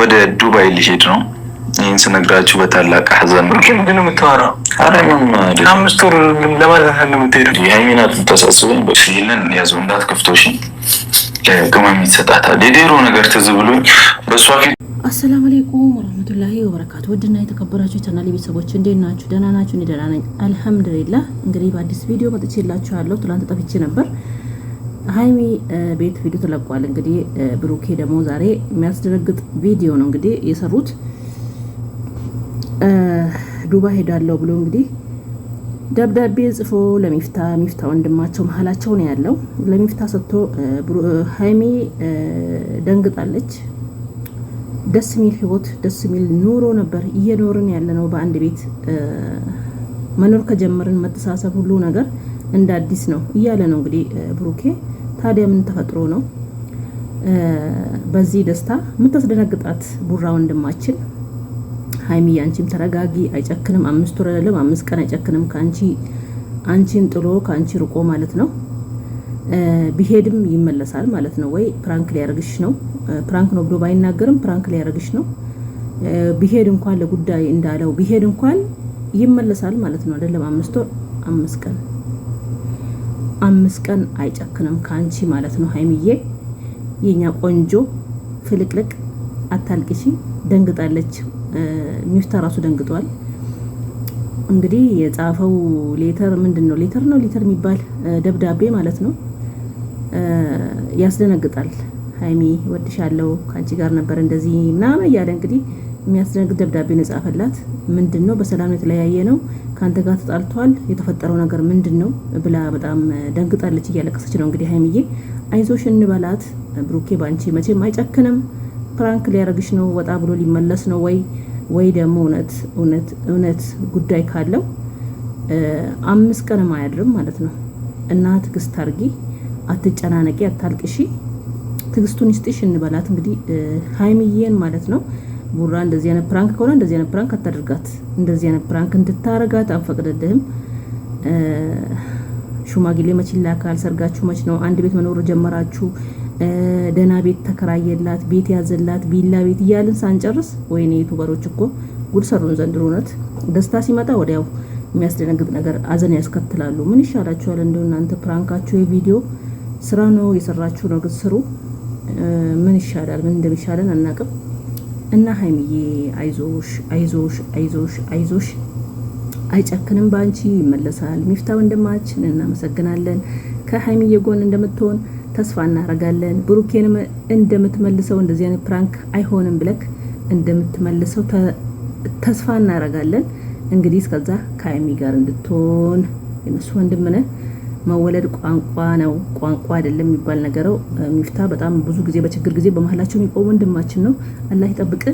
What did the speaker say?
ወደ ዱባይ ሊሄድ ነው። ይህን ስነግራችሁ በታላቅ ሐዘን ነው። ግን ግን የምታወራው አምስት ወር ለማለት ነው የምትሄዱ የሃይሚናት ተሳስበኝ በፊልን ያዙ እንዳት ክፍቶሽ ግማሚ ይሰጣታል። የዴሮ ነገር ትዝ ብሎኝ በእሷ ፊት አሰላሙ አለይኩም ወረህመቱላሂ ወበረካቱ። ውድና የተከበራችሁ ቻናል ቤተሰቦች እንዴት ናችሁ? ደህና ናችሁ? እኔ ደህና ነኝ አልሐምዱሊላህ። እንግዲህ በአዲስ ቪዲዮ መጥቼላችኋለሁ። ትላንት ጠፍቼ ነበር። ሀይሚ ቤት ቪዲዮ ተለቋል። እንግዲህ ብሩኬ ደግሞ ዛሬ የሚያስደነግጥ ቪዲዮ ነው እንግዲህ የሰሩት። ዱባ ሄዳለሁ ብሎ እንግዲህ ደብዳቤ ጽፎ ለሚፍታ ሚፍታ ወንድማቸው መሀላቸው ነው ያለው ለሚፍታ ሰጥቶ ሀይሚ ደንግጣለች። ደስ የሚል ህይወት ደስ የሚል ኑሮ ነበር እየኖርን ያለ ነው። በአንድ ቤት መኖር ከጀመርን መተሳሰብ ሁሉ ነገር እንደ አዲስ ነው እያለ ነው እንግዲህ ብሩኬ። ታዲያ ምን ተፈጥሮ ነው በዚህ ደስታ የምታስደነግጣት? ቡራ ወንድማችን ሀይሚ አንቺም ተረጋጊ። አይጨክንም፣ አምስት ወር አይደለም አምስት ቀን አይጨክንም ከአንቺ አንቺን ጥሎ ከአንቺ ርቆ ማለት ነው። ቢሄድም ይመለሳል ማለት ነው። ወይ ፕራንክ ሊያደርግሽ ነው። ፕራንክ ነው ብሎ ባይናገርም ፕራንክ ሊያደርግሽ ነው። ቢሄድ እንኳን ለጉዳይ እንዳለው ቢሄድ እንኳን ይመለሳል ማለት ነው። አይደለም አምስት ወር አምስት ቀን አምስት ቀን አይጨክንም ከአንቺ ማለት ነው። ሀይሚዬ የኛ ቆንጆ ፍልቅልቅ አታልቅሺ። ደንግጣለች። ሚፍታ ራሱ ደንግጧል። እንግዲህ የጻፈው ሌተር ምንድን ነው? ሌተር ነው ሌተር የሚባል ደብዳቤ ማለት ነው። ያስደነግጣል። ሀይሚ ወድሻለው፣ ከአንቺ ጋር ነበር እንደዚህ ምናምን እያለ እንግዲህ የሚያስደነግጥ ደብዳቤ ነው የጻፈላት። ምንድን ነው በሰላም የተለያየ ነው ከአንተ ጋር ተጣልቷል፣ የተፈጠረው ነገር ምንድን ነው ብላ በጣም ደንግጣለች፣ እያለቀሰች ነው። እንግዲህ ሀይሚዬ አይዞሽ እንበላት፣ ብሩኬ ባንቺ መቼም አይጨክንም። ፕራንክ ሊያደርግሽ ነው፣ ወጣ ብሎ ሊመለስ ነው ወይ ወይ ደግሞ እውነት እውነት እውነት ጉዳይ ካለው አምስት ቀንም አያድርም ማለት ነው። እና ትግስት አርጊ፣ አትጨናነቂ፣ አታልቅሺ፣ ትግስቱን ይስጥሽ እንበላት እንግዲህ ሀይሚዬን ማለት ነው። ቡራ እንደዚህ አይነት ፕራንክ ከሆነ እንደዚህ አይነት ፕራንክ አታደርጋት። እንደዚህ አይነት ፕራንክ እንድታረጋት አንፈቅድልህም። ሽማግሌ መች ይላካል? ሰርጋችሁ መች ነው? አንድ ቤት መኖር ጀመራችሁ? ደህና ቤት ተከራየላት፣ ቤት ያዘላት፣ ቢላ ቤት እያልን ሳንጨርስ፣ ወይኔ ዩቱበሮች እኮ ጉድ ሰሩን ዘንድሮ። እውነት ደስታ ሲመጣ ወዲያው የሚያስደነግጥ ነገር አዘን ያስከትላሉ። ምን ይሻላችኋል? እንደው እናንተ ፕራንካችሁ የቪዲዮ ስራ ነው የሰራችሁ ነው፣ ግን ስሩ። ምን ይሻላል? ምን እንደሚሻለን አናቅም። እና ሀይሚዬ አይዞሽ አይዞሽ አይዞሽ አይዞሽ አይጨክንም ባንቺ ይመለሳል። ሚፍታ ወንድማችን እናመሰግናለን። ከሀይሚዬ ጎን እንደምትሆን ተስፋ እናደርጋለን። ብሩኬንም እንደምትመልሰው እንደዚህ አይነት ፕራንክ አይሆንም ብለክ እንደምትመልሰው ተስፋ እናደርጋለን። እንግዲህ እስከዛ ከሀይሚ ጋር እንድትሆን የነሱ ወንድምነ መወለድ ቋንቋ ነው ቋንቋ አይደለም የሚባል ነገረው። ሚፍታ በጣም ብዙ ጊዜ በችግር ጊዜ በመሀላቸው የሚቆም ወንድማችን ነው። አላህ ይጠብቅ።